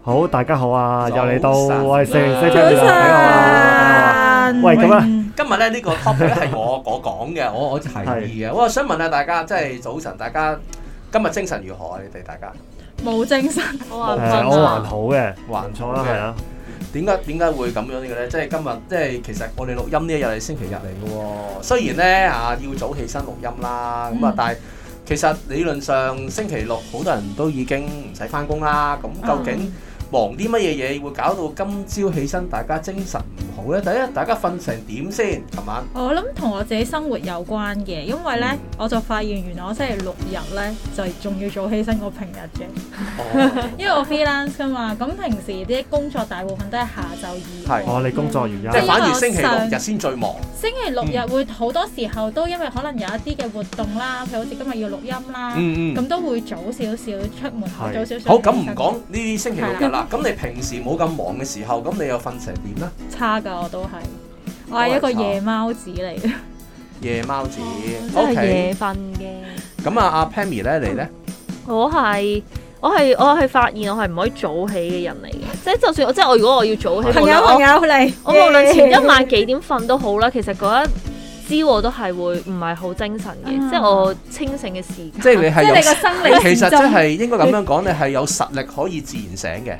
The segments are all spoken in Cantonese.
好，大家好啊！又嚟到喂，晨，早晨，喂咁啊！今日咧呢個 topic 咧係我我講嘅，我我提議嘅。我想問下大家，即係早晨，大家今日精神如何啊？你哋大家冇精神，我我還好嘅，還錯啦。點解點解會咁樣嘅咧？即係今日，即係其實我哋錄音呢一日係星期日嚟嘅。雖然咧啊，要早起身錄音啦，咁啊，但係其實理論上星期六好多人都已經唔使翻工啦。咁究竟？忙啲乜嘢嘢，會搞到今朝起身大家精神唔好咧？第一，大家瞓成點先？琴晚我諗同我自己生活有關嘅，因為咧、嗯、我就發現原來我星期六日咧就仲、是、要早起身過平日啫。哦、 因為我 freelance 噶嘛。咁平時啲工作大部分都係下晝二。係，我、哦、你工作原因，嗯、即係反而星期六日先最忙。嗯、星期六日會好多時候都因為可能有一啲嘅活動啦，譬如好似今日要錄音啦，咁、嗯嗯、都會早少少出門口，是早少少。好，咁唔講呢啲星期六日啦是。嗱，咁你平時冇咁忙嘅時候，咁你又瞓成點咧？差㗎，我都係，我係一個夜貓子嚟嘅。夜貓子，即係夜瞓嘅。咁啊，阿 Pammy 咧，你咧？我係，我係，我係發現我係唔可以早起嘅人嚟嘅。即係就算我，即係我如果我要早起，朋友朋友嚟，我無論前一晚幾點瞓都好啦。其實覺得知我都係會唔係好精神嘅，嗯、即係我清醒嘅時間，即係你係有生理其實即係應該咁樣講，你係有實力可以自然醒嘅。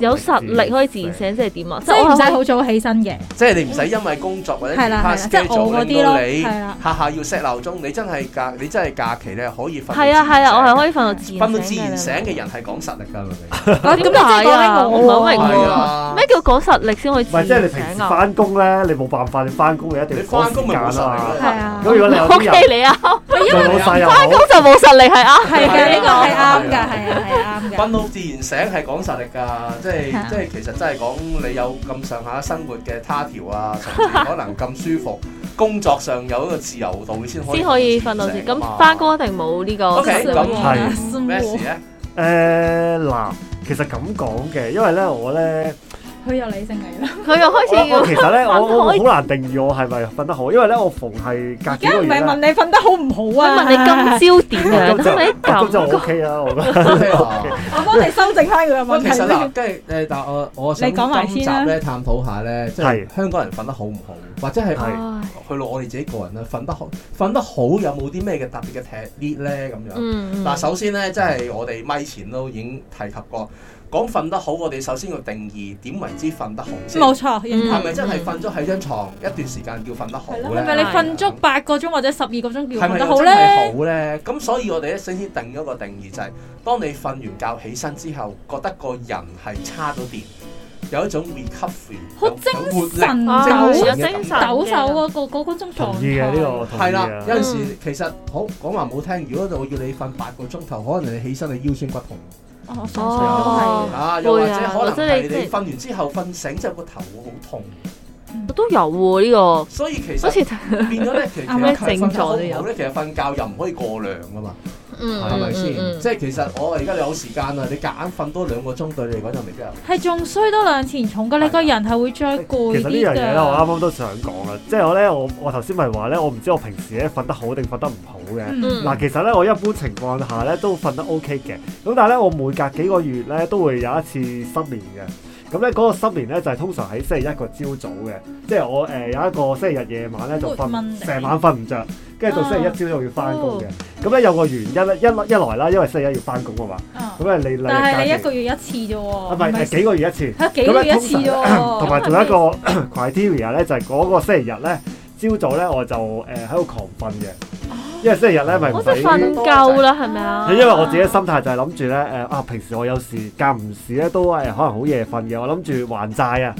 有實力可以自然醒即係點啊？即係唔使好早起身嘅。即係你唔使因為工作或者拍職做嗰啲咯。你下下要 set 鬧鐘，你真係假？你真係假期咧可以瞓。係啊係啊，我係可以瞓到自然。瞓到自然醒嘅人係講實力㗎。啊點解啊？咩叫講實力先可以？唔係即係你平時返工咧，你冇辦法你返工你一定。你返工咪冇實力咯。係啊。咁如果你有人，你返工就冇實力係啊。係嘅，呢個係啱嘅，係啊係啱嘅。瞓到自然醒係講實力㗎。即係即係，其實真係講你有咁上下生活嘅他條啊，可能咁舒服， 工作上有一個自由度先可以先可以瞓到先。咁翻嘛哥一定冇呢個。O K，咁係咩事咧？誒嗱、 uh，其實咁講嘅，因為咧我咧。佢有理性嚟啦，佢又開始其實咧，我我好難定義我係咪瞓得好，因為咧我逢係隔幾個月。而家唔係問你瞓得好唔好啊？佢問你今朝點啊，係咪？咁就 O K 啦，我覺得。我幫你修正下佢啊嘛。我其實嗱，跟住誒，但係我我想今集咧探討下咧，即係香港人瞓得好唔好，或者係去到我哋自己個人啊，瞓得好，瞓得好有冇啲咩嘅特別嘅 technique 咧咁樣？嗱，首先咧，即係我哋咪前都已經提及過。講瞓得好，我哋首先要定義點為之瞓得好先。冇錯，係咪真係瞓咗喺張床一段時間叫瞓得好咧？係咪你瞓足八個鐘或者十二個鐘叫瞓得好咧？係好咧？咁所以我哋一先先定咗個定義，就係當你瞓完覺起身之後，覺得個人係差咗啲，有一種 recover y 好精神啊，精神抖手嗰個嗰嗰種狀態。同意啊，呢個同係啦，有陣時其實好講話冇聽。如果我要你瞓八個鐘頭，可能你起身你腰酸骨痛。哦，係、哦、啊，又、啊、或者可能係你瞓完之後瞓醒之後個頭會好痛，嗯、都有喎、啊、呢、這個，所以其實變咗咧，像其實咩症狀都有咧，其實瞓覺又唔可以過量㗎嘛。嗯，係咪先？嗯嗯、即係其實我而家你有時間啊，嗯、你夾硬瞓多兩個鐘，對你嚟講就未必係。係仲衰多兩錢重噶，的你個人係會再攰。其實呢樣嘢咧，我啱啱都想講啦，即係我咧，我我頭先咪話咧，我唔知我平時咧瞓得好定瞓得唔好嘅。嗱，其實咧，我一般情況下咧都瞓得 OK 嘅。咁但係咧，我每隔幾個月咧都會有一次失眠嘅。咁咧嗰個失眠咧就係、通常喺星期一個朝早嘅，即係 我誒有一個星期日夜晚咧就瞓成晚瞓唔着。跟住到星期一朝早要翻工嘅，咁咧有個原因咧，一一來啦，因為星期一要翻工啊嘛，咁啊你例如，但係你一個月一次啫喎，唔係係幾個月一次，幾個月一次啫喎，同埋仲有一個 criteria 咧，就係嗰個星期日咧，朝早咧我就誒喺度狂瞓嘅，因為星期日咧咪唔，我瞓夠啦，係咪啊？因為我自己嘅心態就係諗住咧，誒啊，平時我有時間唔時咧都係可能好夜瞓嘅，我諗住還債啊，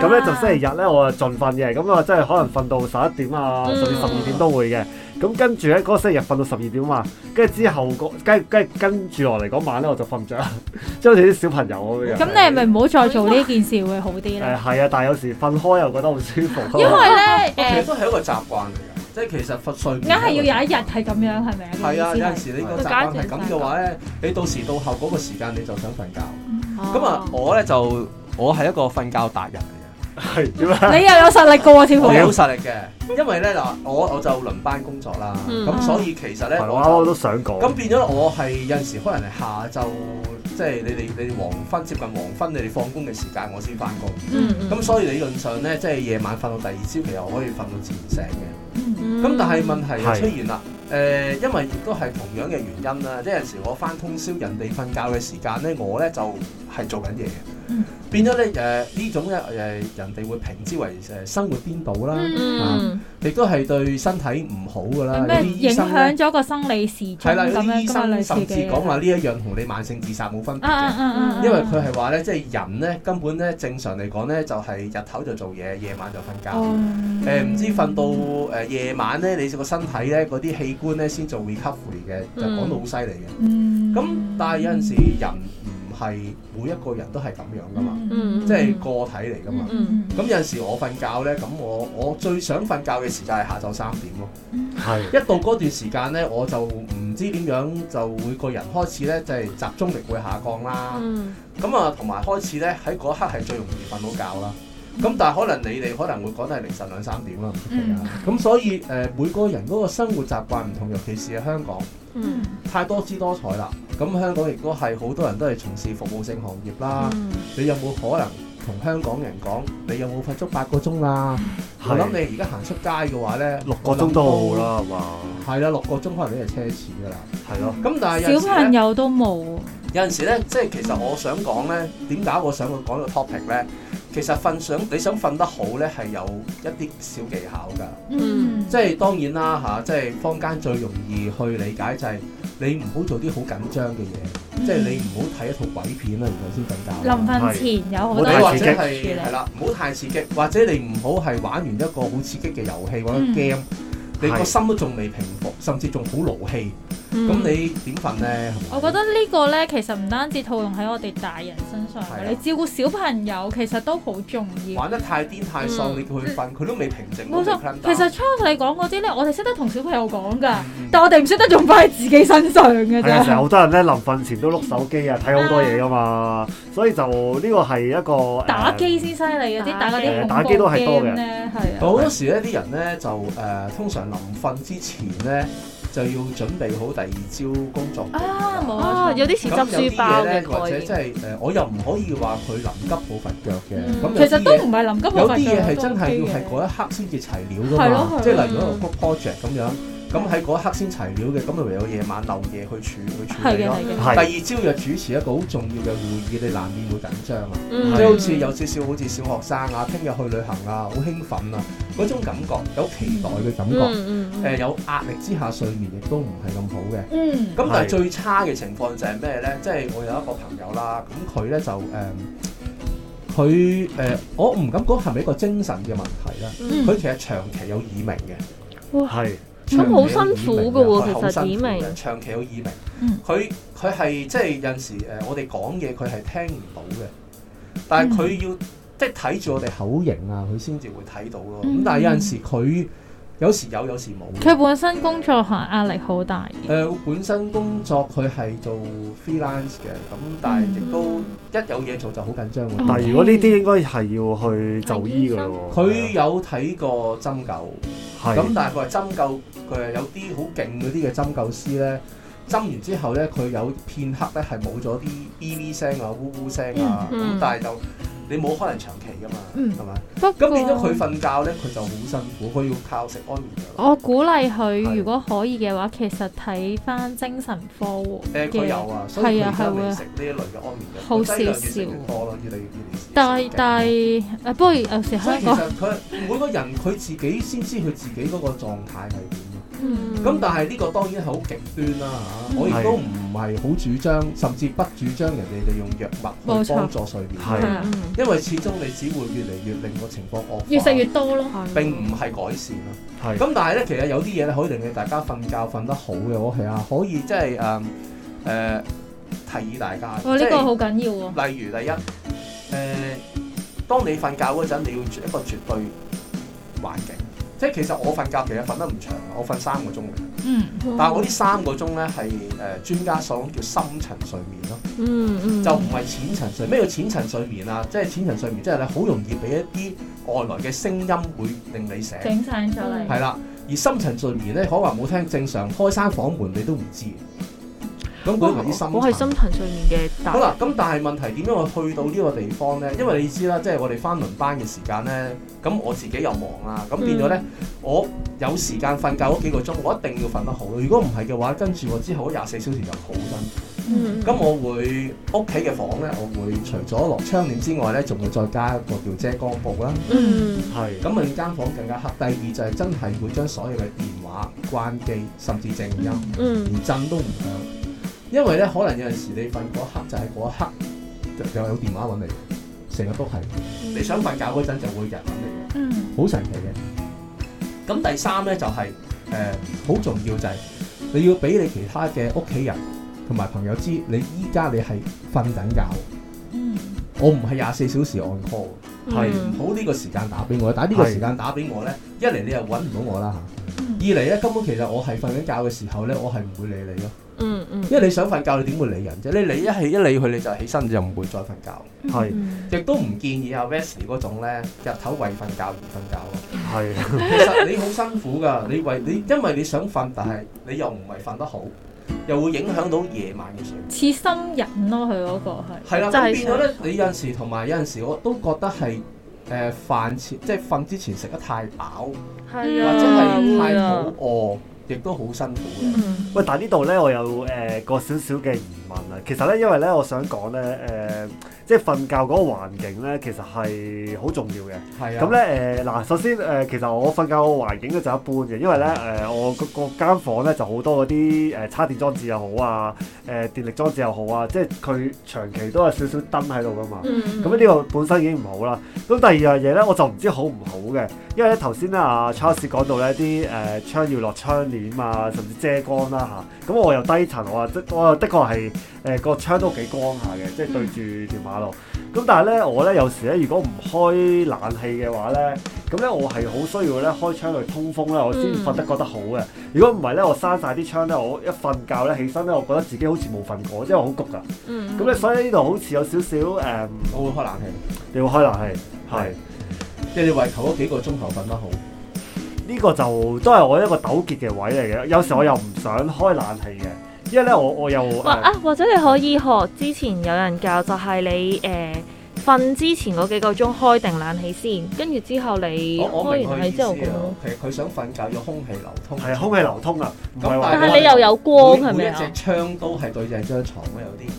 咁咧就星期日咧我就盡瞓嘅，咁啊即係可能瞓到十一點啊，甚至十二點都會嘅。咁、嗯、跟住咧嗰星期日瞓到十二點嘛，跟住之後個跟跟跟住落嚟嗰晚咧我就瞓唔著，即係好似啲小朋友咁樣。咁、嗯、是你係咪唔好再做呢件事會好啲咧？誒係啊，但係有時瞓開又覺得好舒服。因為咧誒，呃、其實都係一個習慣嚟嘅，即係其實瞓睡梗係要有一日係咁樣係咪啊？係啊，有陣時你個習慣係咁嘅話咧，你到時到後嗰個時間你就想瞓覺。咁、嗯、啊，我咧、嗯、就我係一個瞓覺達人。係點啊？你又有實力個喎，跳高好實力嘅。因為咧嗱，我我就輪班工作啦，咁、嗯、所以其實咧，的我，就我都想講。咁變咗我係有陣時可能係下晝，即係你哋你哋黃昏接近黃昏，你哋放工嘅時間我先翻工。咁、嗯、所以理論上咧，即係夜晚瞓到第二朝，其實我可以瞓到自然醒嘅。咁、嗯、但係問題出現啦。誒的、呃，因為亦都係同樣嘅原因啦，即係有陣時我翻通宵，人哋瞓覺嘅時間咧，我咧就係做緊嘢。變咗咧，誒、呃、呢種咧誒人哋會評之為誒生活顛倒啦，亦都係對身體唔好噶啦。麼影響咗個生理時鐘係啦，今天 醫生甚至講話呢一樣同你慢性自殺冇分別嘅。啊啊啊啊、因為佢係話咧，即、就、係、是、人咧根本咧正常嚟講咧就係、是、日頭就做嘢，夜晚就瞓覺。誒唔、嗯嗯、知瞓到誒夜晚咧，你個身體咧嗰啲器官咧先做 recovery 嘅，就講到好犀利嘅。咁、嗯嗯嗯、但係有陣時人。係每一個人都係咁樣噶嘛，mm hmm. 即係個體嚟噶嘛。咁有陣時我瞓覺呢，咁我我最想瞓覺嘅時間係下晝三點咯。Mm hmm. 一到嗰段時間呢，我就唔知點樣就會，就每個人開始呢，就係、是、集中力會下降啦。咁啊、mm，同、hmm. 埋開始呢，喺嗰一刻係最容易瞓到覺啦。咁、嗯、但係可能你哋可能會講得係凌晨兩三點啦，咁、啊嗯、所以誒、呃，每個人嗰個生活習慣唔同，尤其是喺香港，嗯、太多姿多彩啦。咁香港亦都係好多人都係從事服務性行業啦。嗯、你有冇可能？同香港人講，你有冇瞓足八個鐘啊？係，我諗你而家行出街嘅話咧，六個鐘都冇啦，係嘛？係啦，六個鐘可能你係奢侈㗎啦。係咯的，咁但係有小朋友都冇。有陣時咧，即係其實我想講咧，點解我想講呢個 topic 咧？其實瞓想你想瞓得好咧，係有一啲小技巧㗎。嗯，即係當然啦，嚇、啊，即係坊間最容易去理解就係、是。你唔好做啲好緊張嘅嘢，嗯、即係你唔好睇一套鬼片啦，然後先瞓覺。臨瞓前有好多是或者太刺激，係啦，唔好太刺激，或者你唔好係玩完一個好刺激嘅遊戲或者 game，你個、嗯、你的心都仲未平復，甚至仲好勞氣。咁你點瞓咧？我覺得呢個咧，其實唔單止套用喺我哋大人身上，你照顧小朋友其實都好重要。玩得太癲太騷，你叫佢瞓，佢都未平靜。冇錯，其實初你講嗰啲咧，我哋識得同小朋友講㗎，但我哋唔識得用翻喺自己身上嘅啫。係啊，成好多人咧臨瞓前都碌手機啊，睇好多嘢㗎嘛，所以就呢個係一個打機先犀利嘅，啲打機都係多嘅咧。係啊，好多時咧啲人咧就誒，通常臨瞓之前咧。就要準備好第二朝工作，工作啊！冇、啊、有啲似執書包嘅。或者即係誒，我又唔可以話佢臨急抱佛腳嘅。咁、嗯、其實都唔係臨急抱佛腳。有啲嘢係真係要係嗰一刻先至齊料㗎嘛，即係例如個 project 咁樣。咁喺嗰刻先齊料嘅，咁就唯有夜晚漏夜去處去處理咯、啊。第二朝日主持一個好重要嘅會議，你難免會緊張啊！即、嗯、好似有少少好似小學生啊，聽日去旅行啊，好興奮啊，嗰種感覺有期待嘅感覺。誒、嗯嗯嗯呃，有壓力之下睡眠亦都唔係咁好嘅。咁、嗯、但係最差嘅情況就係咩咧？即、就、係、是、我有一個朋友啦、啊，咁佢咧就誒，佢、嗯、誒、呃、我唔敢講係咪一個精神嘅問題啦、啊。佢、嗯、其實長期有耳鳴嘅，係嘩。咁好辛苦㗎喎，其實耳鳴，長期、嗯、有耳鳴，佢佢係即係有陣時誒，我哋講嘢佢係聽唔到嘅，但係佢要、嗯、即係睇住我哋口型啊，佢先至會睇到咯。咁但係有陣時佢。有時有，有時冇。佢本身工作係壓力好大。誒、呃，本身工作佢係做 freelance 嘅，咁但係亦都、嗯、一有嘢做就好緊張。但係、嗯、如果呢啲應該係要去就醫㗎咯。佢、嗯、有睇過針灸，咁但係佢話針灸佢係有啲好勁嗰啲嘅針灸師咧，針完之後咧佢有片刻咧係冇咗啲咿咿聲啊、嗚嗚聲啊，咁但係就。你冇可能長期噶嘛，係嘛？不過咁變咗佢瞓覺咧，佢就好辛苦，佢要靠食安眠藥。我鼓勵佢，如果可以嘅話，其實睇翻精神科，佢有啊，係會食呢一類嘅安眠藥，好少少，多咯，但係但係，不過有時香港。所以其實佢每個人佢自己先知佢自己嗰個狀態係。咁、嗯、但係呢個當然係好極端啦、啊、吓，嗯、我亦都唔係好主張，甚至不主張人哋利用藥物去幫助睡眠，係錯，因為始終你只會越嚟越令個情況惡化，越食越多咯，並唔係改善啊。係、嗯，咁的但係咧，其實有啲嘢咧可以令你大家瞓覺瞓得好嘅，我係啊，可以即係誒誒，提議大家，哦，呢、就是、個好緊要喎。例如，第一，誒、呃，當你瞓覺嗰陣，你要一個絕對環境。即其實我瞓覺其實瞓得唔長，我瞓三個鐘嘅、嗯。嗯，但係我呢三個鐘咧係誒專家所講叫深層睡眠咯。嗯嗯，就唔係淺層睡眠。咩、嗯嗯、叫淺層睡眠啊？即係淺層睡眠即係你好容易俾一啲外來嘅聲音會令你醒醒咗嚟。係啦，而深層睡眠咧可能冇聽正常開閂房門你都唔知。咁保留心，我係心層上面嘅。好啦，咁但係問題點樣我去到呢個地方咧？因為你知啦，即係我哋返輪班嘅時間咧，咁我自己又忙啦，咁變咗咧，嗯、我有時間瞓覺嗰幾個鐘，我一定要瞓得好。如果唔係嘅話，跟住我之後廿四小時又好辛苦。咁、嗯、我會屋企嘅房咧，我會除咗落窗簾之外咧，仲會再加一個叫遮光布啦。嗯。係是。咁令、嗯、間房更加黑。第二就係、是、真係會將所有嘅電話關機，甚至靜音，嗯嗯、連震都唔響。因為咧，可能有陣時你瞓嗰刻就係嗰一刻，就又、是、有電話揾你，成日都係。你想瞓覺嗰陣就會有人揾你，好、嗯、神奇嘅。咁第三咧，就係誒好重要，就係你要俾你其他嘅屋企人同埋朋友知，你依家你係瞓緊覺。嗯、我唔係廿四小時 on call，係唔好呢個時間打俾我。但打呢個時間是打俾我咧，一嚟你又揾唔到我啦。二嚟咧，根本其實我係瞓緊覺嘅時候咧，我係唔會理你咯、嗯。嗯一一嗯，因為你想瞓覺，你點會理人啫？你理一係一理佢，你就起身，就唔會再瞓覺。係，亦都唔建議阿 Vessie 嗰種咧，日頭為瞓覺而瞓覺。係，其實你好辛苦㗎，你為你因為你想瞓，但係你又唔係瞓得好，又會影響到夜晚嘅睡眠。似心人咯、啊，佢嗰個係啦，就變咗咧。嗯、你有陣時同埋有陣時，我都覺得係。誒飯、呃、前，即係瞓之前食得太飽，係啊，或者係太肚餓，亦、啊、都好辛苦嘅。嗯、 喂，但係呢度咧，我有誒個少少嘅疑。呃其實咧，因為咧，我想講咧，誒、呃，即係瞓覺嗰個環境咧，其實係好重要嘅。係啊。咁咧，誒、呃、嗱，首先誒、呃，其實我瞓覺個環境咧就一般嘅，因為咧，誒、呃，我個間房咧就好多嗰啲誒插電裝置又好啊，誒、呃、電力裝置又好啊，即係佢長期都有少少燈喺度噶嘛。咁呢、嗯嗯嗯、個本身已經唔好啦。咁第二樣嘢咧，我就唔知好唔好嘅，因為咧頭先咧阿 Charles 講到咧啲誒窗要落窗簾啊，甚至遮光啦、啊、嚇。咁、啊、我又低層，我啊，我啊，的確係。誒個、嗯、窗都幾光下嘅，嗯、即係對住條馬路。咁但係咧，我咧有時咧，如果唔開冷氣嘅話咧，咁咧我係好需要咧開窗去通風啦，我先瞓得覺得好嘅。如果唔係咧，我閂晒啲窗咧，我一瞓覺咧起身咧，我覺得自己好似冇瞓過，即係我好焗㗎。咁咧、嗯，所以呢度好似有少少誒，嗯、我會開冷氣。你會開冷氣係，即係是是你為求嗰幾個鐘頭瞓得好。呢個就都係我一個糾結嘅位嚟嘅。有時我又唔想開冷氣嘅。因為咧，我我又，哇、呃、啊，或者你可以學之前有人教，就係、是、你誒瞓、呃、之前嗰幾個鐘開定冷氣先，跟住之後你開完冷氣之後咁。其實佢想瞓覺要空氣流通，係啊，空氣流通啊。咁但係你又有光係咪啊？每，嗎每一隻窗都係對住張床啊，有啲。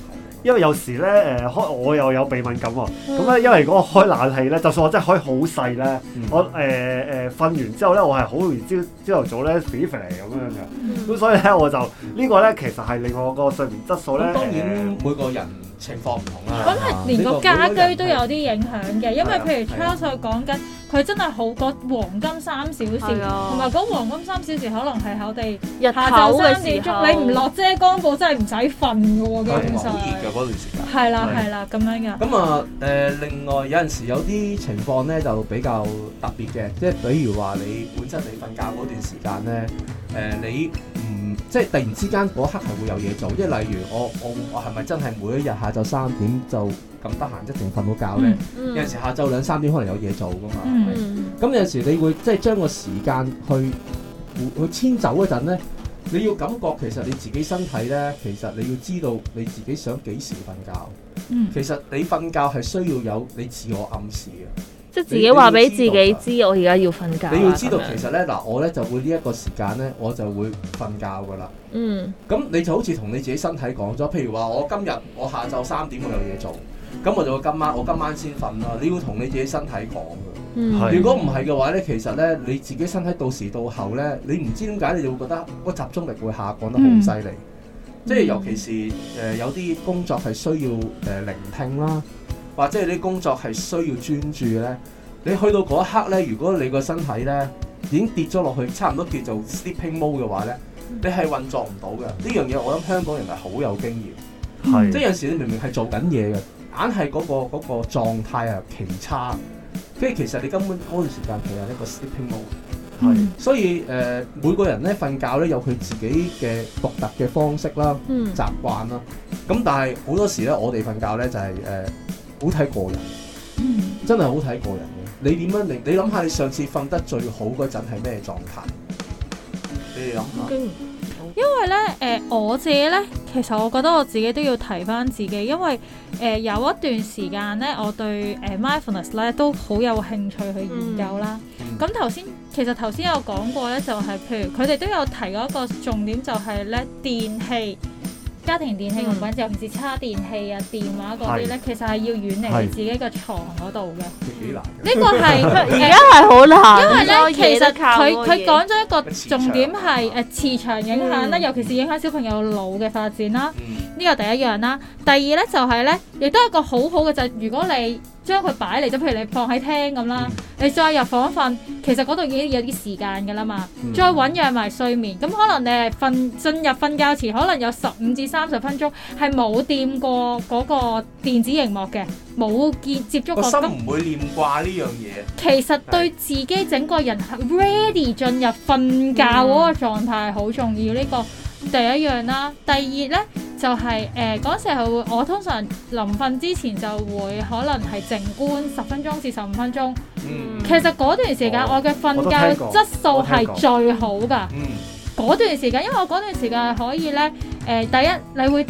因為有時咧，誒、呃、開我又有鼻敏感喎、哦，咁咧、嗯、因為嗰個開冷氣咧，就算我真係開好細咧，嗯、我誒誒瞓完之後咧，我係好容易朝朝頭早咧鼻涕嚟咁樣嘅，咁、嗯、所以咧我就、這個、呢個咧其實係令我個睡眠質素咧，當然、呃、每個人情況唔同啊，咁係連個家居都有啲影響嘅，嗯、因為譬如 Charles 佢講緊。佢真係好過黃金三小時，同埋嗰黃金三小時可能係我哋日下晝嘅時候，你唔落遮光布真係唔使瞓嘅喎，好熱㗎嗰段時間。係啦係啦，咁、啊啊啊、樣嘅。咁啊誒，另外有陣時有啲情況咧就比較特別嘅，即係比如話你本身你瞓覺嗰段時間咧，誒、呃、你唔即係突然之間嗰刻係會有嘢做，即係例如我我我係咪真係每一日下晝三點就？咁得閒一定瞓好覺嘅，嗯嗯、有陣時下晝兩三點可能有嘢做噶嘛，咁、嗯嗯、有陣時你會即係、就是、將個時間去去遷走嗰陣咧，你要感覺其實你自己身體咧，其實你要知道你自己想幾時瞓覺。嗯、其實你瞓覺係需要有你自我暗示嘅，即係自己話俾自己知我而家要瞓覺、啊。你要知道其實咧嗱，樣我咧就會呢一個時間咧，我就會瞓覺噶啦。嗯，咁你就好似同你自己身體講咗，譬如話我今日我下晝三點我有嘢做。咁我就話今晚我今晚先瞓啦。你要同你自己身體講嘅。嗯、如果唔係嘅話咧，其實咧你自己身體到時到後咧，你唔知點解你就會覺得個集中力會下降得好犀利。嗯、即係尤其是誒、呃、有啲工作係需要誒、呃、聆聽啦，或者係啲工作係需要專注咧。你去到嗰一刻咧，如果你個身體咧已經跌咗落去，差唔多叫做 sleeping mode 嘅話咧，你係運作唔到嘅。呢樣嘢我諗香港人係好有經驗，係、嗯、即係有時你明明係做緊嘢嘅。硬係嗰個嗰、那個狀態啊，奇差。即係其實你根本嗰段時間其實係一個 sleeping mode、嗯。係，所以誒、呃，每個人咧瞓覺咧有佢自己嘅獨特嘅方式啦，嗯、習慣啦。咁但係好多時咧，我哋瞓覺咧就係、是、誒，好、呃、睇個人。嗯、真係好睇個人嘅。你點樣嚟？你諗下，你上次瞓得最好嗰陣係咩狀態？你哋諗下。因為咧，誒、呃，我自己咧。其實我覺得我自己都要提返自己，因為誒、呃、有一段時間咧，我對誒 mindfulness 咧都好有興趣去研究啦。咁頭先其實頭先有講過咧、就是，就係譬如佢哋都有提一個重點就，就係咧電器。家庭電器用品，尤其是叉電器啊、電話嗰啲咧，其實係要遠離自己嘅床嗰度嘅。呢個係而家係好難，因為咧其實佢佢講咗一個重點係誒磁場影響啦，尤其是影響小朋友腦嘅發展啦。呢個第一樣啦，第二咧就係咧，亦都係一個好好嘅就係如果你。將佢擺嚟啫，譬如你放喺廳咁啦，嗯、你再入房瞓，其實嗰度已經有啲時間嘅啦嘛。嗯、再醞釀埋睡眠，咁可能你係瞓進入瞓覺前，可能有十五至三十分鐘係冇掂過嗰個電子熒幕嘅，冇接接觸過都唔會念掛呢樣嘢。其實對自己整個人 ready 進入瞓覺嗰個狀態好重要。呢、嗯、個第一樣啦，第二呢。就係誒嗰陣時係會，我通常臨瞓之前就會可能係靜觀十分鐘至十五分鐘。嗯、其實嗰段時間我嘅瞓覺質素係最好噶。嗰、嗯、段時間，因為我嗰段時間可以呢，誒、呃，第一你會。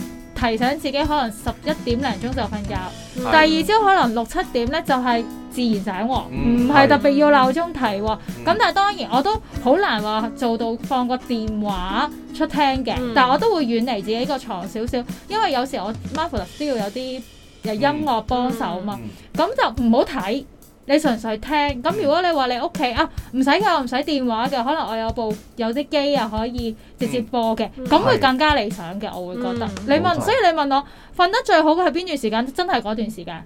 提醒自己可能十一點零鐘就瞓覺，嗯、第二朝可能六七點咧就係、是、自然醒喎、啊，唔係、嗯、特別要鬧鐘提喎、啊。咁、嗯、但係當然我都好難話做到放個電話出廳嘅，嗯、但係我都會遠離自己個床少少，因為有時我媽咪需要有啲嘅音樂幫手嘛，咁、嗯、就唔好睇。你純粹聽咁，如果你話你屋企啊唔使嘅，唔使電話嘅，可能我有部有啲機啊可以直接播嘅，咁、嗯嗯、會更加理想嘅，我會覺得。你問，嗯、所以你問我瞓得最好嘅係邊段時間？真係嗰段時間，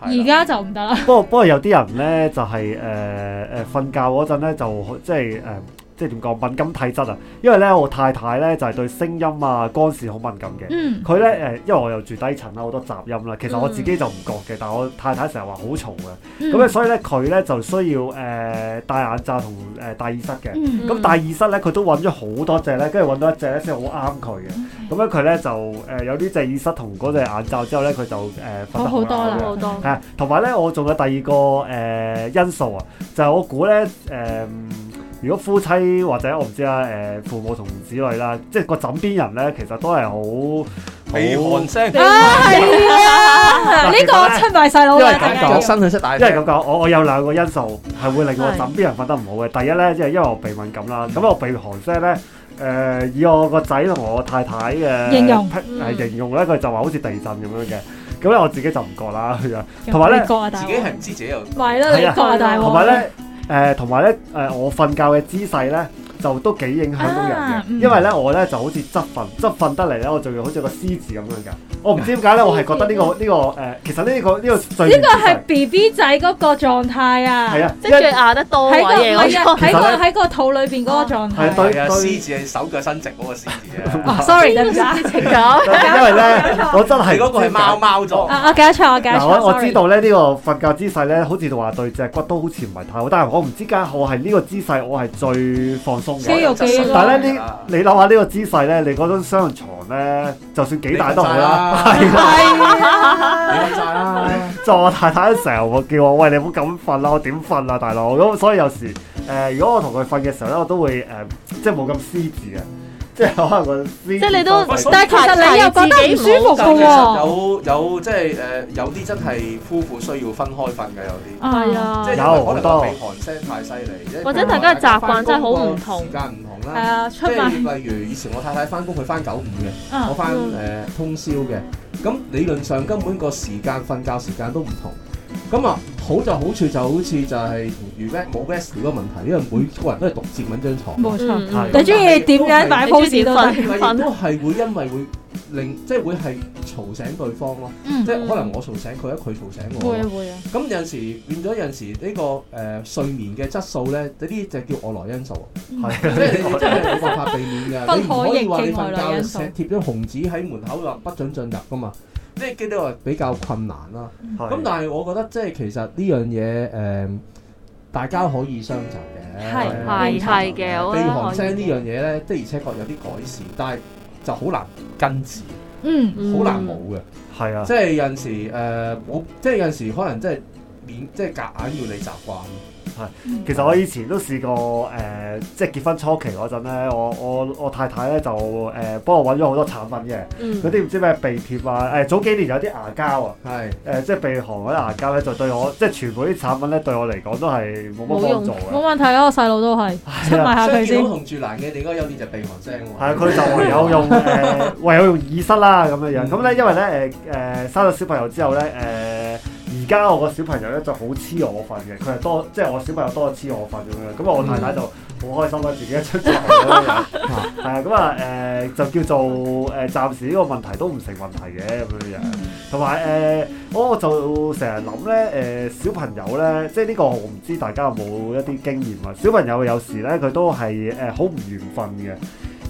而家的就唔得啦。不過不過有啲人咧就係誒誒瞓覺嗰陣咧就即係誒。就即係呃即係點講敏感體質啊？因為咧我太太咧就係、是、對聲音啊、光線好敏感嘅。嗯。佢咧誒，因為我又住低層啦，好多雜音啦。其實我自己就唔覺嘅，但係我太太成日話好嘈嘅。咁咧、嗯，所以咧佢咧就需要誒、呃、戴眼罩同誒、呃、戴耳塞嘅。咁、嗯嗯、戴耳塞咧，佢都揾咗好多隻咧，跟住揾到一隻咧先好啱佢嘅。咁咧佢咧就誒、呃、有啲隻耳塞同嗰隻眼罩之後咧，佢就瞓、呃、得好多啦，好多，很多。 係啊，同埋咧，我仲有第二個誒、呃、因素啊，就係、是、我估咧誒。呃嗯如果夫妻或者我唔知啦，誒父母同子女啦，即係個枕邊人咧，其實都係好鼻鼾聲，啊係啊，呢個親密細佬，因為咁身因為咁講，我我有兩個因素係會令我枕邊人瞓得唔好嘅。第一咧，即係因為我鼻敏感啦，咁我鼻鼾聲咧，誒以我個仔同我太太嘅形容，係形容咧，佢就話好似地震咁樣嘅。咁咧我自己就唔覺啦，佢啊，同埋咧自己係唔知自己又埋啦，你覺啊大鑊，同埋咧。誒同埋咧，誒、呃呃、我瞓覺嘅姿勢咧。就都幾影響到人嘅，因為咧我咧就好似執瞓，執瞓得嚟咧，我仲要好似個獅子咁樣㗎。我唔知點解咧，我係覺得呢個呢個誒，其實呢個呢個呢個係 B B 仔嗰個狀態啊，即係壓得多喺個喺個肚裏邊嗰個狀態。係啊，獅子係手腳伸直嗰個獅子 Sorry，有冇啲咩情況？因為咧，我真係嗰個係貓貓狀我搞錯，我搞錯。我我知道咧呢個瞓覺姿勢咧，好似話對隻骨都好似唔係太好，但係我唔知點解我係呢個姿勢，我係最放。肌肉幾攰？但係咧，呢你諗下呢個姿勢咧，你嗰張雙人床咧，就算幾大都好啦，係啦，你得曬啦。就我太太成日會叫我喂，你唔好咁瞓啦，我點瞓啊，大佬咁。所以有時誒、呃，如果我同佢瞓嘅時候咧，我都會誒、呃，即係冇咁舒服嘅。 即係可能即係你都，不但係其實你又覺得唔舒服㗎、啊、喎。有有即係誒，有啲真係夫婦需要分開瞓嘅有啲。係啊，嗯、即係有可能係寒聲太犀利，啊、或者大家習慣真係好唔同。時間唔同啦，係啊，即係例如以前我太太返工佢返九五嘅，我返誒通宵嘅，咁理論上根本個時間瞓覺時間都唔同。咁啊，嗯、好就好處就好似就係如 back 冇 gas 好多問題，因為每個人都係獨佔緊張牀，冇錯、嗯。是你中意點解？擺 pose 都係都係會因為會令即係會係嘈醒對方咯，嗯、即係可能我嘈醒佢，一佢嘈醒我。會啊會啊！咁有陣時變咗有陣時呢、呢個誒、呃、睡眠嘅質素咧，嗰啲就叫外來因素，係即係冇辦法避免嘅。 你唔可以話你瞓覺寫貼張紅紙喺門口話不准進入噶嘛？即係見到話比較困難啦、啊，咁是、嗯、但係我覺得即係其實呢樣嘢誒，大家可以相習嘅，係係嘅。鼻鼾聲呢樣嘢咧，的而且確有啲改善，但係就好難根治、嗯，嗯，好難冇嘅，係啊的、呃，即係有陣時誒，冇即係有陣時可能、就是、即係免即係夾硬要你習慣。係，嗯、其實我以前都試過誒、呃，即係結婚初期嗰陣咧，我我我太太咧就誒、呃、幫我揾咗好多產品嘅，嗰啲唔知咩鼻貼啊，誒、呃、早幾年有啲牙膠啊，係誒是、呃、即係鼻韓嗰啲牙膠咧，就對我即係全部啲產品咧，對我嚟講都係冇乜幫助嘅。冇問題，我細佬啊，細路都係。出埋下佢先。同住難嘅地方有啲就鼻鼾聲喎。佢、啊、就唯有用誒， 唯有用耳塞啦咁嘅樣。咁、嗯、咧、嗯嗯、因為咧誒誒生咗小朋友之後咧誒。呃呃呃呃呃呃呃呃而家我個小朋友咧就好黐我瞓嘅，佢係多即係我小朋友多黐我瞓咁樣，咁啊我太太就好開心啦，自己一出錯咁樣，係啊，咁啊誒、呃、就叫做誒暫、呃、時呢個問題都唔成問題嘅咁樣樣，同埋誒我就成日諗咧誒小朋友咧，即係呢個我唔知大家有冇一啲經驗啊，小朋友有時咧佢都係誒好唔緣分嘅，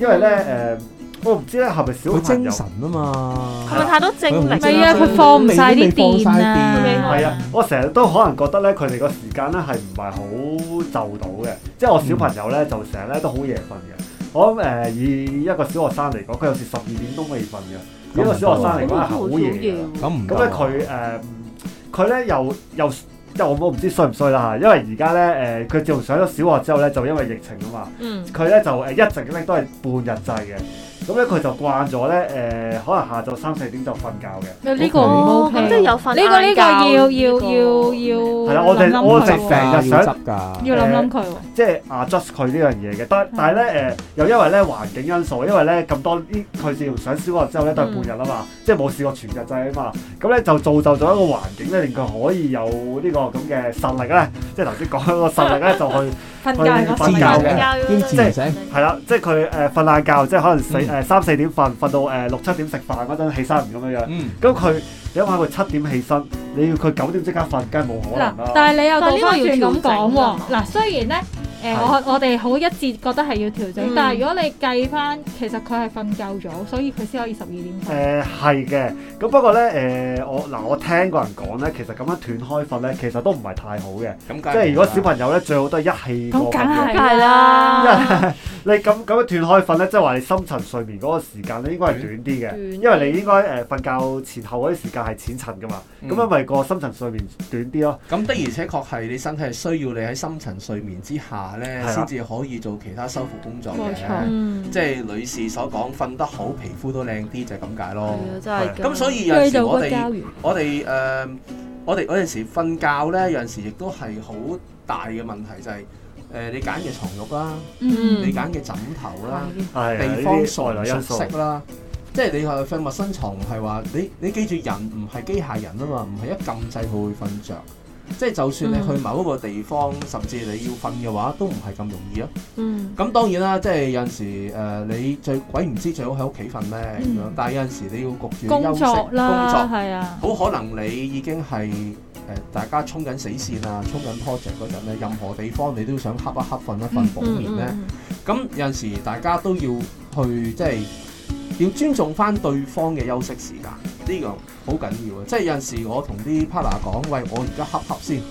因為咧誒。呃我唔知咧，係咪小朋友？佢精神啊嘛！佢咪太多精力，唔係啊！佢放唔曬啲電啊！係啊，我成日都可能覺得咧，佢哋個時間咧係唔係好就到嘅？即係我小朋友咧，嗯、就成日咧都好夜瞓嘅。我諗、呃、以一個小學生嚟講，佢有時十二點都未瞓嘅。一個小學生嚟講係好夜。咁咁咧佢誒佢咧又又又我唔知衰唔衰啦嚇，因為而家咧誒佢自從上咗小學之後咧，就因為疫情啊嘛，佢咧就誒一直咧都係半日制嘅。嗯嗯咁咧佢就慣咗咧，誒可能下晝三四點就瞓覺嘅。呢個哦，咁都有瞓晏覺。呢個呢個要要要要。係啦，我哋我成日想執㗎。要諗諗佢喎。即係 adjust 佢呢樣嘢嘅，但但係咧誒，又因為咧環境因素，因為咧咁多呢，佢自從上小學之後咧都係半日啊嘛，即係冇試過全日制啊嘛。咁咧就造就咗一個環境咧，令佢可以有呢個咁嘅實力咧，即係頭先講佢個實力咧就去瞓晏覺，即係係啦，即係佢誒瞓晏覺，即係可能死。三四點瞓，瞓到誒六七點食飯嗰陣起身咁樣樣，咁佢你諗下佢七點起身，你要佢九點即刻瞓，梗係冇可能啦。但係你又對呢個要咁講喎，嗱、啊、雖然咧。誒我我哋好一致覺得係要調整，嗯、但係如果你計翻，其實佢係瞓夠咗，所以佢先可以十二點瞓。誒係嘅，咁不過咧誒、呃、我嗱、呃、我聽過人講咧，其實咁樣斷開瞓咧，其實都唔係太好嘅，嗯、即係如果小朋友咧、嗯、最好都係一氣。咁梗係啦。因為你咁咁樣斷開瞓咧，即係話你深層睡眠嗰個時間咧應該係短啲嘅，嗯、因為你應該誒瞓覺前後嗰啲時間係淺層㗎嘛，咁因為個深層睡眠短啲咯。咁、嗯、的而且確係你身體係需要你喺深層睡眠之下，咧先至可以做其他修復工作嘅重，即係女士所講，瞓得好皮膚都靚啲，就係、是、咁解咯。真係。咁的所以有陣時我哋我哋誒、呃、我哋嗰陣時瞓覺咧，有陣時亦都係好大嘅問題，就係誒你揀嘅床褥啦，你揀嘅、啊嗯、枕頭啦、啊，的地方、啊嗯、睡來因素啦，即係你係瞓陌生床，係話你你記住，人唔係機械人啊嘛，唔係、嗯、一撳掣佢會瞓着。即係就算你去某一個地方，嗯、甚至你要瞓嘅話，都唔係咁容易啊。嗯。咁當然啦，即係有陣時誒、呃，你最鬼唔知最好喺屋企瞓咩？咁、嗯、樣。但係有陣時你要焗住休息。工作啦。工作係啊。好可能你已經係誒、呃、大家衝緊死線啊，衝緊 project 嗰陣咧，任何地方你都想瞌一瞌瞓一瞓補眠咧。咁有陣時大家都要去即係要尊重翻對方嘅休息時間。呢個好緊要啊！即係有陣時，我同啲 partner 講：喂，我而家恰恰先。誒、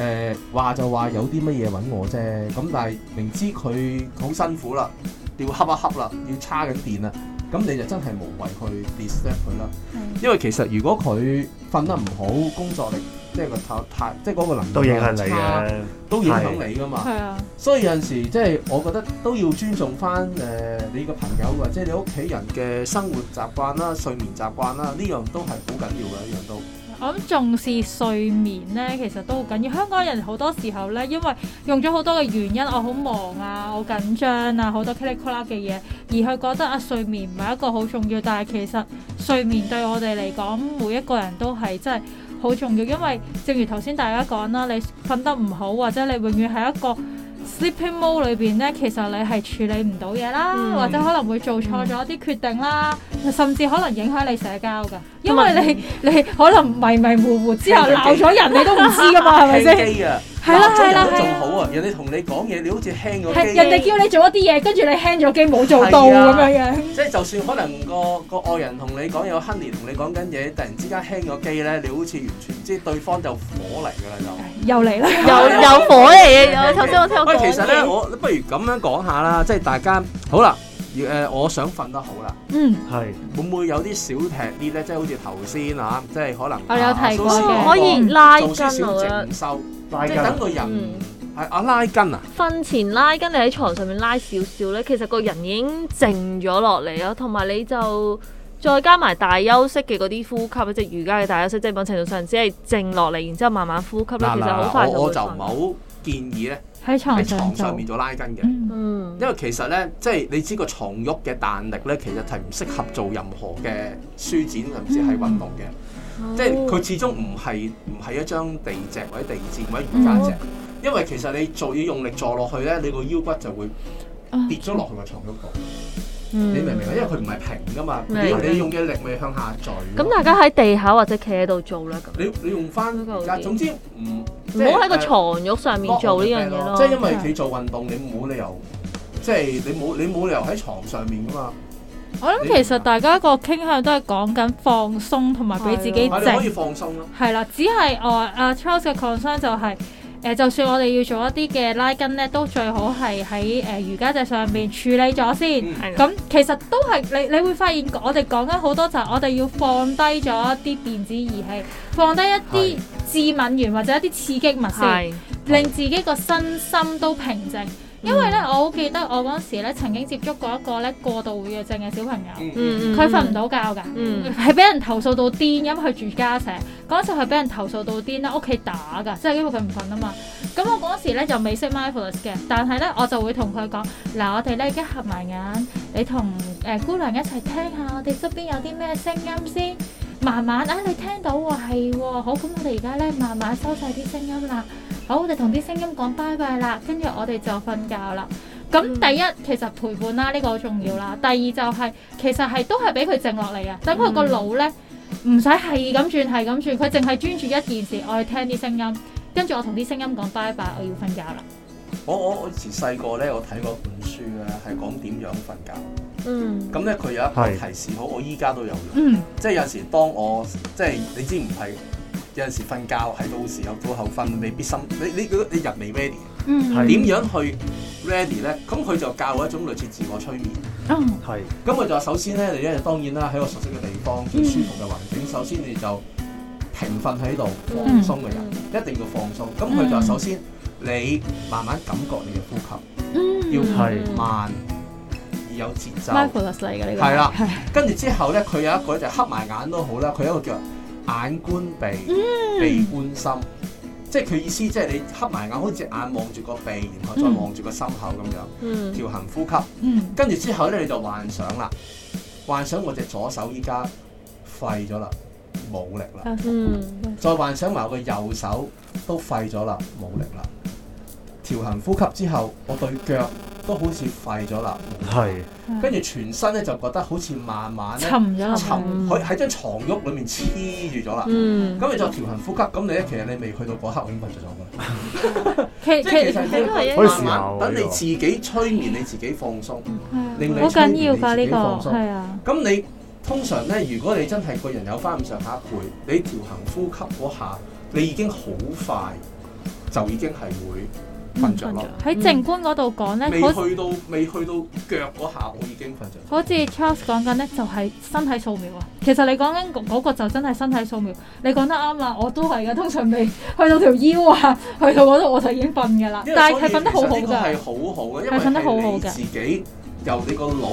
呃、話就話有啲乜嘢揾我啫。咁但係明知佢好辛苦啦，要恰一恰啦，要叉緊電啊！咁你就真係無謂去 disturb 佢啦，嗯，因為其實如果佢瞓得唔好，工作力即係個太太即係嗰個能力都影響你嘅，都影響你噶嘛。啊、所以有陣時即係我覺得都要尊重翻誒、呃、你嘅朋友或者你屋企人嘅生活習慣啦、睡眠習慣啦，呢樣都係好緊要嘅一樣都。我諗重視睡眠呢，其實都好緊要。香港人好多時候呢，因為用咗好多嘅原因，我好忙啊，好緊張啊，好多 kitty call 嘅嘢，而佢覺得啊睡眠唔係一個好重要。但係其實睡眠對我哋嚟講，每一個人都係真係好重要，因為正如頭先大家講啦，你瞓得唔好，或者你永遠係一個。Sleeping mode 裏邊咧，其實你係處理唔到嘢啦，嗯、或者可能會做錯咗啲決定啦，嗯、甚至可能影響你社交㗎，因為你你可能迷迷糊糊之後鬧咗人，你都唔知㗎嘛，係咪先？ 係啦，做人都仲好啊！人哋同你講嘢，你好似輕咗機。係人哋叫你做一啲嘢，跟住你輕咗機冇做到咁樣樣。即係就算可能個個外人同你講嘢，亨利同你講緊嘢，突然之間輕咗機咧，你好似完全唔知對方就火嚟㗎啦，就又嚟啦，又又火嚟嘅。頭先我聽，其實咧，我不如咁樣講下啦，即係大家好啦，誒，我想瞓得好啦，嗯，係會唔會有啲小踢啲咧？即係好似頭先嚇，即係可能我有提過，可以拉筋啊，整修。即係等個人係啊拉筋啊，瞓、啊、前拉筋你喺床上面拉少少咧，其實個人已經靜咗落嚟咯，同埋你就再加埋大休息嘅嗰啲呼吸，即係瑜伽嘅大休息，即係某程度上只係靜落嚟，然之後慢慢呼吸咧，那其實好快就會瞓。我就我就唔好建議咧。喺床上面做拉筋嘅，因為其實咧，即係你知個床褥嘅彈力咧，其實係唔適合做任何嘅舒展甚至係運動嘅，即係佢始終唔係唔係一張地墊或者地氈或者瑜伽席，因為其實你做要用力坐落去咧，你個腰骨就會跌咗落去個床褥度。嗯、你明唔明啊？因為佢唔係平噶嘛，你用嘅力咪向下墜。咁大家喺地下或者企喺度做啦。咁你你用翻嗰個，總之唔。唔好喺個床褥上面的做呢樣嘢咯，即係因為佢做運動，的你冇理由，即係你冇你冇理由喺床上面噶嘛。我諗其實大家個傾向都係講緊放鬆，同埋俾自己的的可以放鬆，係啦，只係哦阿 Charles 嘅 concern 就係。誒、呃，就算我哋要做一啲嘅拉筋咧，都最好係喺誒瑜伽墊上邊處理咗先。咁、嗯嗯、其實都係你，你會發現我哋講緊好多就係我哋要放低咗一啲電子儀器，放低一啲致敏源或者一啲刺激物先，的令自己個身心都平靜。的因為咧，我好記得我嗰陣時咧，曾經接觸過一個咧過度活躍症嘅小朋友，佢瞓唔到覺㗎，係俾、嗯嗯、人投訴到癲，因為佢住家社嗰陣時係俾人投訴到癲啦，屋企打㗎，即係因為佢唔瞓啊嘛。咁我嗰陣時咧就未識 mindfulness 嘅，但係咧我就會同佢講，嗱，我哋咧而家合埋眼，你同誒、呃、姑娘一齊聽下，我哋側邊有啲咩聲音先，慢慢啊，你聽到喎、哦哦、係喎、好，咁我哋而家咧慢慢收曬啲聲音啦。好，oh，我哋同啲聲音講拜拜 e 啦，跟住我哋就瞓覺啦。咁第一其實陪伴啦，呢個好重要啦。第二就係、是、其實係都係俾佢靜落嚟啊。等佢個腦咧唔使係咁轉係咁轉，佢淨係專注一件事，我去聽啲聲音，跟住我同啲聲音講拜拜，我要瞓覺啦。我我我以前細個咧，我睇過本書咧，係講點樣瞓覺。嗯。咁咧佢有一個提示好，是我依家都有用。嗯。即係有時當我即係你知唔係？有陣時瞓覺係到時有到後瞓，未必心你你你入未 ready？係點、嗯、樣去 ready 咧？咁佢就教我一種類似自我催眠。係咁佢就話：首先咧，你咧當然啦，喺個熟悉嘅地方、最舒服嘅環境。嗯、首先你就平瞓喺度，放鬆個人，嗯、一定要放鬆。咁佢就首先你慢慢感覺你嘅呼吸，嗯、要係慢而有節奏。係啦、嗯，跟住之後咧，佢有一個就係黑埋眼都好啦，佢一個叫。眼觀鼻，嗯、鼻觀心，即係佢意思，即係你黑埋眼，好似眼望住個鼻，然後再望住個心口咁樣，調、嗯、行呼吸。跟住之後咧，你就幻想啦，幻想我隻左手依家廢咗啦，冇力啦。嗯，再幻想埋我個右手都廢咗啦，冇力啦。調行呼吸之後，我對腳。都好似廢咗啦，係是，跟住全身咧就覺得好似慢慢沉咗，沉，喺喺張牀褥裏面黐住咗啦，咁你、嗯、再調衡呼吸，咁你咧其實你未去到嗰刻已經瞓着咗啦。即係 其實要 慢慢等你自己催眠你自己放鬆，嗯嗯、令你好緊要㗎呢個，係、嗯、啊。咁你通常咧，如果你真係個人有翻咁上下倍，你調衡呼吸嗰下，你已經好快就已經係會。瞓著咯，喺靜觀嗰度講咧，未去到未像去到腳嗰下，我已經瞓著。好似 Charles 講緊咧，就係身體掃描啊。其實你講緊嗰個就真係身體掃描。你講得啱啦，我都係嘅。通常未去到條腰啊，去到嗰度我就已經瞓嘅啦。因為但係瞓得好好嘅，係好好啊。係瞓得好好嘅。自己由你個腦。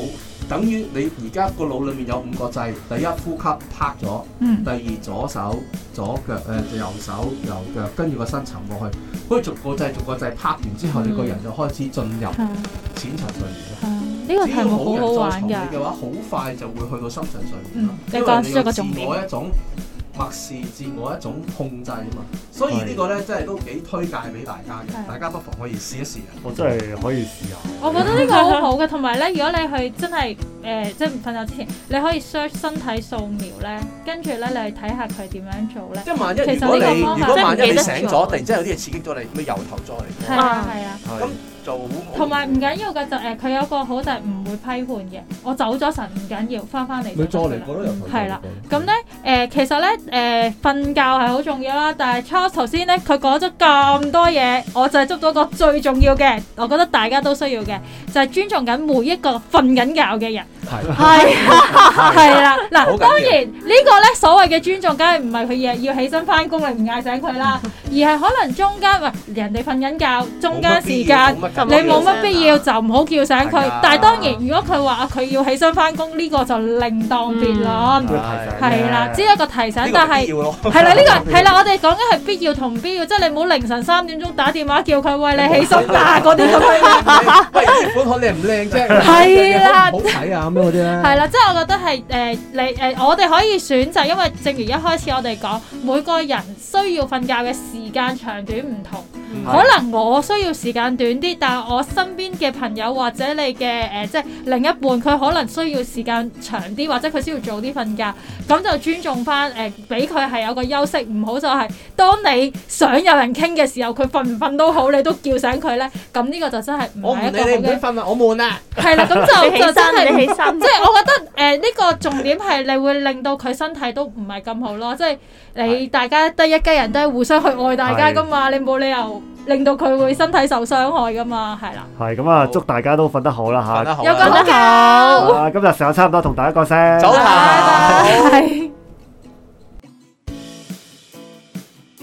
等於你而家個腦裏面有五個掣：第一，呼吸拍咗，第二左手左腳誒、呃、右手右腳，跟住個身沉過去，咁樣逐個掣逐個掣拍完之後，你個人就開始進入淺層睡眠。呢個係冇人再玩你嘅話好快就會去到深層睡眠啦。你講呢個重點。默視自我一種控制啊嘛，所以個呢個咧真係都幾推介俾大家嘅，的大家不妨可以試一試啊！我真係可以試下。我覺得呢個好好嘅，同埋咧，如果你去真係誒，即係瞓覺之前，你可以 search 身體掃描咧，的跟住咧你去睇下佢點樣做咧。咁萬一如果你其實如果萬一你醒咗，即突然之間有啲嘢刺激咗你，咁由頭再嚟啊，係啊，咁就好。同埋唔緊要嘅就誒，佢、呃、有個好就唔、是。會批判嘅，我走咗神唔緊要，翻翻嚟。咪再嚟過咯又？係啦，咁咧誒，其實咧誒，瞓覺係好重要啦。但係 Charles 頭先咧，佢講咗咁多嘢，我就係捉到個最重要嘅，我覺得大家都需要嘅，就係尊重緊每一個瞓緊覺嘅人。係啦，係啦，係啦。嗱，當然呢個咧所謂嘅尊重，梗係唔係佢要起身翻工，你唔嗌醒佢啦，而係可能中間喂人哋瞓緊覺，中間時間你冇乜必要就唔好叫醒佢。但係當然。如果佢話啊，佢要起身翻工，呢個就另當別論。係啦，只係一個提醒，但係係啦，呢個係啦，我哋講緊係必要同唔必要，即係你唔好凌晨三點鐘打電話叫佢喂，你起身嗰啲咁樣。喂，本可靚唔靚啫？係啦，好睇啊！咁嗰啲咧，係啦，即係我覺得係誒你誒，我哋可以選擇，因為正如一開始我哋講，每個人需要瞓覺嘅時間長短唔同。可能我需要時間短啲，但係我身邊嘅朋友或者你嘅誒，即係另一半，佢可能需要時間長啲，或者佢需要早啲瞓覺。咁就尊重翻誒，俾佢係有個休息。唔好就係當你想有人傾嘅時候，佢瞓唔瞓都好，你都叫醒佢咧。咁呢個就真係唔係一個嘅。我唔理你唔瞓咪，我悶啦。係啦，咁就就真係唔即係，我覺得誒呢個重點係你會令到佢身體都唔係咁好咯。即係你大家得一家人，都係互相去愛大家㗎嘛。你冇理由。令到佢會身體受傷害噶嘛，係啦。係咁啊，嗯、好祝大家都瞓得好啦吓，嚇，有得好啊。好啊，今日時間差唔多，同大家講聲，早唞拜拜！